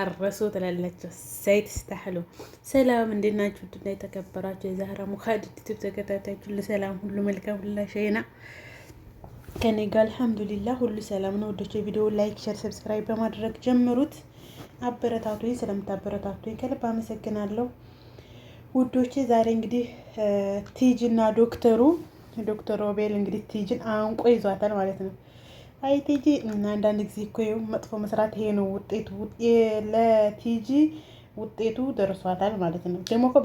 ጨራረሱ ትላላቸው ሳይት ስታህሉ ሰላም እንዴት ናችሁ? ውድና የተከበራችሁ የዛህራ ሙካድ ዩቲዩብ ተከታታዮች ሰላም፣ ሁሉ መልካም ሁሉ ሸይና ከኔ ጋር አልሐምዱሊላ ሁሉ ሰላም ነው። ወዶች ቪዲዮ ላይክ፣ ሸር፣ ሰብስክራይብ በማድረግ ጀምሩት። አበረታቱኝ። ስለምታበረታቱኝ ከልብ አመሰግናለሁ ውዶቼ። ዛሬ እንግዲህ ቲጂ እና ዶክተሩ ዶክተር ሮቤል እንግዲህ ቲጂን አንቆ ይዟታል ማለት ነው አይ ቲጂ አንዳንድ ጊዜ እኮ መጥፎ መስራት ይሄ ነው ውጤቱ። ለቲጂ ውጤቱ ደርሷታል ማለት ነው። ደግሞ እኮ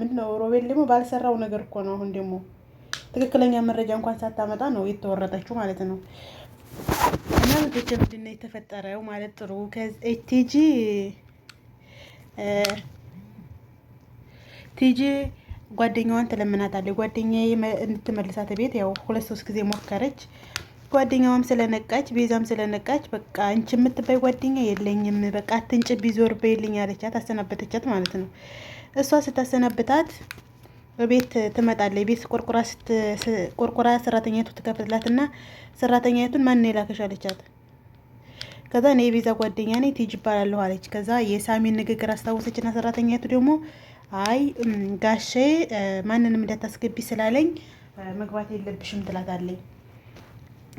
ምንድን ሮቤል ደግሞ ባልሰራው ነገር እኮ ነው። አሁን ደግሞ ትክክለኛ መረጃ እንኳን ሳታመጣ ነው የተወረጠችው ማለት ነው። እና ልጆች ምንድን የተፈጠረው ማለት ጥሩ ቲጂ ቲጂ ጓደኛዋን ትለምናታለች። ጓደኛዬ እንድትመልሳት ቤት ያው ሁለት ሶስት ጊዜ ሞከረች። ጓደኛዋም ስለነቃች ቤዛም ስለነቃች በቃ አንቺ የምትባይ ጓደኛ የለኝም በቃ አትንጭ ቢዞር በይልኝ አለቻት፣ አሰናበተቻት ማለት ነው። እሷ ስታሰናብታት በቤት ትመጣለች። ቤት ቆርቆራ ሰራተኛቱ ትከፍትላት እና ሰራተኛቱን ማን የላከሽ አለቻት። ከዛ እኔ የቤዛ ጓደኛ ነኝ ቲጅ ይባላለሁ አለች። ከዛ የሳሚን ንግግር አስታወሰች እና ሰራተኛቱ ደግሞ አይ ጋሼ ማንንም እንዳታስገቢ ስላለኝ መግባት የለብሽም ትላታለኝ።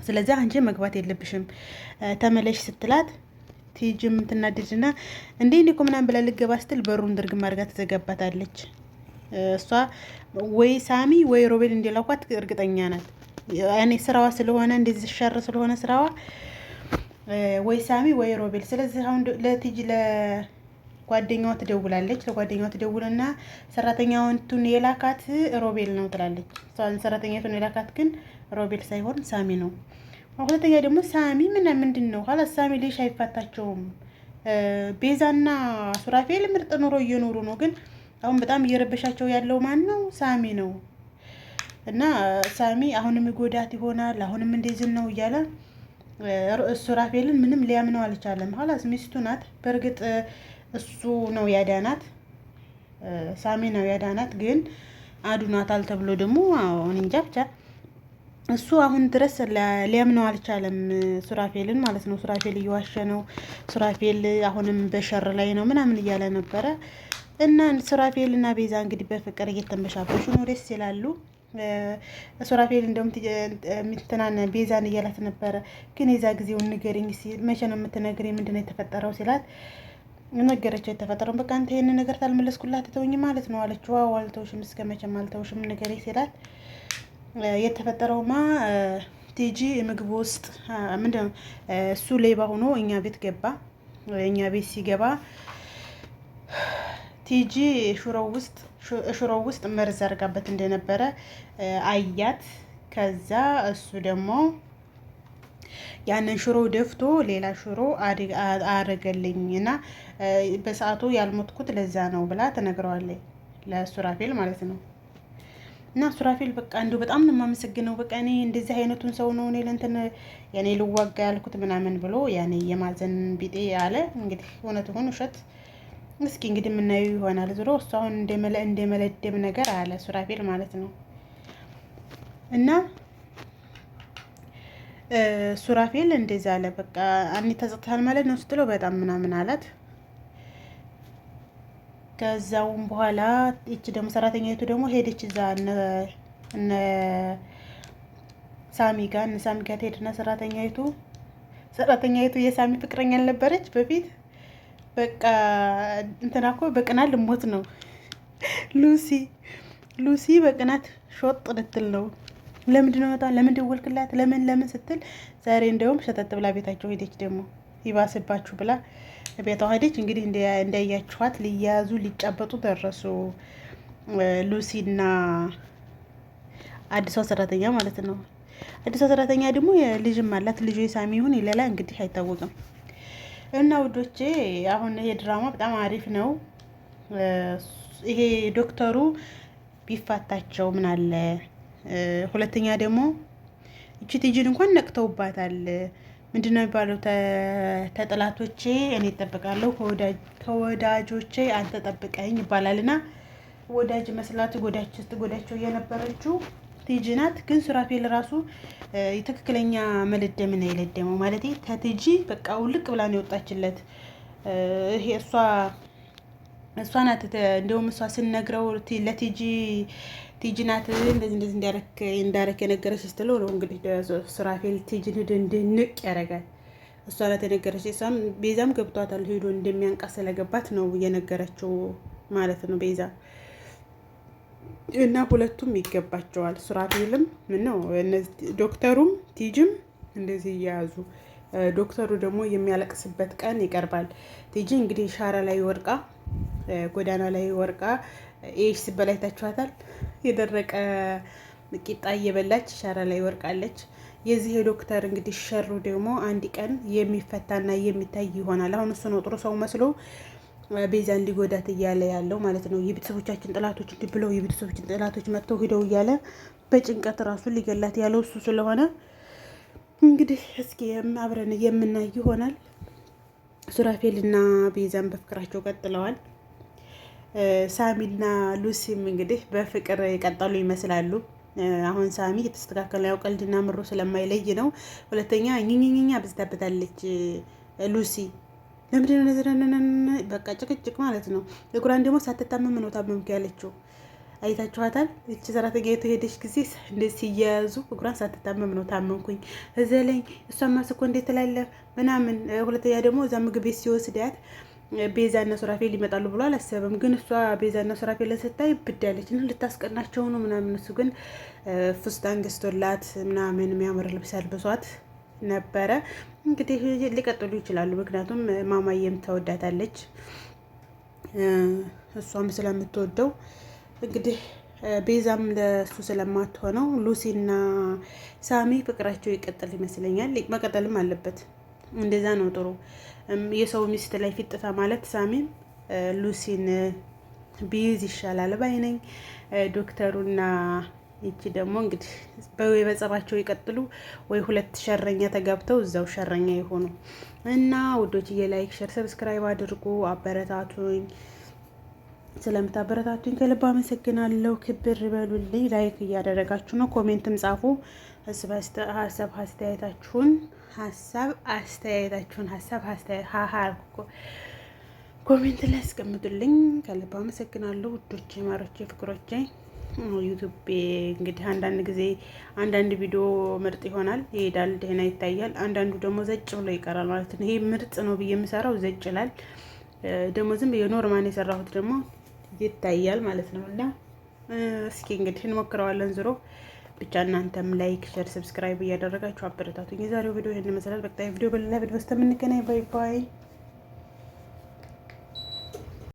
ስለዚህ አንቺ መግባት የለብሽም ተመለሽ ስትላት ቲጂ የምትናደድና እንዴ እንዴ እኮ ምናምን ብላ ልገባ ስትል በሩን ድርግም አድርጋ ትዘጋባታለች። እሷ ወይ ሳሚ ወይ ሮቤል እንዲላኳት እርግጠኛ ናት። እኔ ስራዋ ስለሆነ እንደዚህ ሸር ስለሆነ ስራዋ ወይ ሳሚ ወይ ሮቤል። ስለዚህ አሁን ለቲጂ ጓደኛዋ ትደውላለች። ለጓደኛዋ ትደውልና ሰራተኛዋንቱን የላካት ሮቤል ነው ትላለች። ሰራተኛቱን የላካት ግን ሮቤል ሳይሆን ሳሚ ነው። ሁለተኛ ደግሞ ሳሚ ምን ምንድን ነው ኋላ ሳሚ ልሽ አይፋታቸውም። ቤዛና ሱራፌል ምርጥ ኑሮ እየኖሩ ነው። ግን አሁን በጣም እየረበሻቸው ያለው ማን ነው? ሳሚ ነው። እና ሳሚ አሁንም ጎዳት ይሆናል አሁንም እንደዚህ ነው እያለ ሱራፌልን ምንም ሊያምነው አልቻለም። ኋላስ ሚስቱ ናት በእርግጥ እሱ ነው ያዳናት፣ ሳሚ ነው ያዳናት። ግን አዱናታል ተብሎ ደግሞ አሁን እንጃ ብቻ እሱ አሁን ድረስ ሊያምነው አልቻለም፣ ሱራፌልን ማለት ነው። ሱራፌል እየዋሸ ነው። ሱራፌል አሁንም በሸር ላይ ነው ምናምን እያለ ነበረ እና ሱራፌል እና ቤዛ እንግዲህ በፍቅር እየተንበሻበሹ ነው። ደስ ይላሉ። ሱራፌል እንደውም የምትናን ቤዛን እያላት ነበረ። ግን የዛ ጊዜውን ንገሪኝ ሲል መቼ ነው የምትነግሪኝ? ምንድን ነው የተፈጠረው ሲላት ነገረችው የተፈጠረውን። በቃ አንተ ይህን ነገር ታልመለስኩላት ተውኝ ማለት ነው አለችው። ዋው አልተውሽም፣ እስከ መቼም አልተውሽም ነገር ይላል። የተፈጠረውማ ቲጂ ምግብ ውስጥ ምንድነው እሱ ሌባ ሆኖ እኛ ቤት ገባ። እኛ ቤት ሲገባ ቲጂ ሽሮው ውስጥ ሽሮው ውስጥ መርዝ አድርጋበት እንደነበረ አያት። ከዛ እሱ ደግሞ ያንን ሽሮ ደፍቶ ሌላ ሽሮ አረገልኝ እና በሰዓቱ ያልሞትኩት ለዛ ነው ብላ ትነግረዋለች ለሱራፌል ማለት ነው። እና ሱራፌል በቃ እንዲሁ በጣም ነው የማመሰግነው። በቃ እኔ እንደዚህ አይነቱን ሰው ነው እኔ ለእንትን ያኔ ልዋጋ ያልኩት ምናምን ብሎ ያኔ የማዘን ቢጤ አለ። እንግዲህ እውነት ሆን ውሸት እስኪ እንግዲህ የምናየው ይሆናል። ዞሮ እሱ አሁን እንደመለደም ነገር አለ ሱራፌል ማለት ነው እና ሱራፌል እንደዚያ አለ። በቃ አኒ ተጸጥታል ማለት ነው ስትለው በጣም ምናምን አላት። ከዛውም በኋላ ይቺ ደግሞ ሰራተኛይቱ ደግሞ ሄደች እዛ እነ ሳሚ ጋር እነ ሳሚ ጋር ትሄድና ሰራተኛይቱ ሰራተኛይቱ የሳሚ ፍቅረኛ አልነበረች በፊት በቃ እንትና እኮ በቅናት ልሞት ነው ሉሲ ሉሲ በቅናት ሾጥ ልትል ነው ለምንድን ነው ለምን ደወልክላት ለምን ለምን ስትል ዛሬ እንደውም ሸጠጥ ብላ ቤታቸው ሄደች። ደግሞ ይባስባችሁ ብላ ቤቷ ሄደች። እንግዲህ እንዳያችኋት ሊያያዙ ሊጫበጡ ደረሱ። ሉሲና አዲሷ ሰራተኛ ማለት ነው። አዲሷ ሰራተኛ ደግሞ ልጅም አላት። ልጁ የሳሚ ይሁን ሌላ እንግዲህ አይታወቅም። እና ውዶቼ አሁን ይሄ ድራማ በጣም አሪፍ ነው። ይሄ ዶክተሩ ቢፋታቸው ምን አለ ሁለተኛ ደግሞ እቺ ቲጂን እንኳን ነቅተውባታል። ምንድነው የሚባለው? ተጠላቶቼ እኔ እጠብቃለሁ፣ ከወዳጆቼ አንተ ጠብቀኝ ይባላል ወዳጅ መስላት ጎዳች ስትጎዳቸው የነበረችው ቲጂ ናት። ግን ሱራፌል ራሱ ትክክለኛ መለደምን አይለደመው ማለት ከትጂ በቃ ውልቅ ብላ ነው የወጣችለት ይሄ እሷ እሷ ናት እንደውም እሷ ስንነግረው ለቲጂ ቲጂ ናት እንደዚህ እንደዚህ እንዳረክ የነገረች ስትለው ነው እንግዲህ ሱራፌል ቲጂን ሂዶ እንድንቅ ያደርጋል። እሷ ናት የነገረች። እሷም ቤዛም ገብቷታል ሂዶ እንደሚያንቃ ስለገባት ነው የነገረችው ማለት ነው ቤዛ እና ሁለቱም ይገባቸዋል። ሱራፌልም ነው ዶክተሩም ቲጂም እንደዚህ እየያዙ ዶክተሩ ደግሞ የሚያለቅስበት ቀን ይቀርባል። ቲጂ እንግዲህ ሻራ ላይ ወድቃ ጎዳና ላይ ወርቃ ይህ ሲበላ አይታችኋታል። የደረቀ ቂጣ እየበላች ሻራ ላይ ወርቃለች። የዚህ የዶክተር እንግዲህ ሸሩ ደግሞ አንድ ቀን የሚፈታና የሚታይ ይሆናል። አሁን እሱ ነው ጥሩ ሰው መስሎ ቤዛን ሊጎዳት እያለ ያለው ማለት ነው። የቤተሰቦቻችን ጥላቶች እንዲህ ብለው የቤተሰቦችን ጥላቶች መጥተው ሂደው እያለ በጭንቀት ራሱ ሊገላት ያለው እሱ ስለሆነ እንግዲህ እስኪ አብረን የምናይ ይሆናል። ሱራፌልና ቤዛን በፍቅራቸው ቀጥለዋል። ሳሚና ሉሲም እንግዲህ በፍቅር የቀጠሉ ይመስላሉ። አሁን ሳሚ የተስተካከለ ያው ቀልድና ምሮ ስለማይለይ ነው። ሁለተኛ ኝኝኝኛ ብዝታበታለች ሉሲ ለምንድን ነው በቃ ጭቅጭቅ ማለት ነው። እጉራን ደግሞ ሳትታመም ነው ታመምኩ ያለችው። አይታችኋታል። እቺ ሰራተኛ ሄደች ጊዜ እንደ ሲያያዙ እጉራን ሳትታመም ነው ታመምኩኝ እዘለኝ እሷ ማስኮ እንዴት ትላለህ ምናምን። ሁለተኛ ደግሞ እዛ ምግብ ቤት ሲወስዳት ቤዛና ሱራፌል ይመጣሉ ብሎ አላሰበም። ግን እሷ ቤዛና ሱራፌልን ስታይ ብዳለች ነው ልታስቀናቸው ነው ምናምን። እሱ ግን ፉስታን ገዝቶላት ምናምን የሚያምር ልብስ አልብሷት ነበረ። እንግዲህ ሊቀጥሉ ይችላሉ፣ ምክንያቱም ማማየም ተወዳታለች እሷም ስለምትወደው እንግዲህ ቤዛም ለእሱ ስለማትሆነው ሉሲና ሳሚ ፍቅራቸው ይቀጥል ይመስለኛል። መቀጠልም አለበት። እንደዛ ነው ጥሩ። የሰው ሚስት ላይ ፊጥታ ማለት ሳሚም ሉሲን ቢይዝ ይሻላል ባይ ነኝ። ዶክተሩና ይቺ ደግሞ እንግዲህ በጸባቸው ይቀጥሉ ወይ ሁለት ሸረኛ ተጋብተው እዛው ሸረኛ የሆኑ እና ውዶች ላይክ፣ ሸር፣ ሰብስክራይብ አድርጉ፣ አበረታቱኝ። ስለምታበረታቱኝ ከልብ አመሰግናለሁ። ክብር በሉልኝ። ላይክ እያደረጋችሁ ነው፣ ኮሜንትም ጻፉ። ሀሳብ አስተያየታችሁን ሀሳብ አስተያየታችሁን ሀሳብ ኮሜንት ላይ አስቀምጡልኝ። ከልብ አመሰግናለሁ ውዶቼ፣ ማሮቼ፣ ፍቅሮቼ። ዩቱብ እንግዲህ አንዳንድ ጊዜ አንዳንድ ቪዲዮ ምርጥ ይሆናል ይሄዳል፣ ደህና ይታያል። አንዳንዱ ደግሞ ዘጭ ብሎ ይቀራል ማለት ነው። ይሄ ምርጥ ነው ብዬ የምሰራው ዘጭ ይላል። ደግሞ ዝም ብዬ ኖርማን የሰራሁት ደግሞ ይታያል ማለት ነው። እና እስኪ እንግዲህ እንሞክረዋለን ዝሮ ብቻ እናንተም ላይክ፣ ሸር፣ ሰብስክራይብ እያደረጋችሁ አበረታቱኝ። የዛሬው ቪዲዮ ይህን መሰላል። በቀጣይ ቪዲዮ በሌላ ቪዲዮ ውስጥ የምንገናኝ። ባይ ባይ።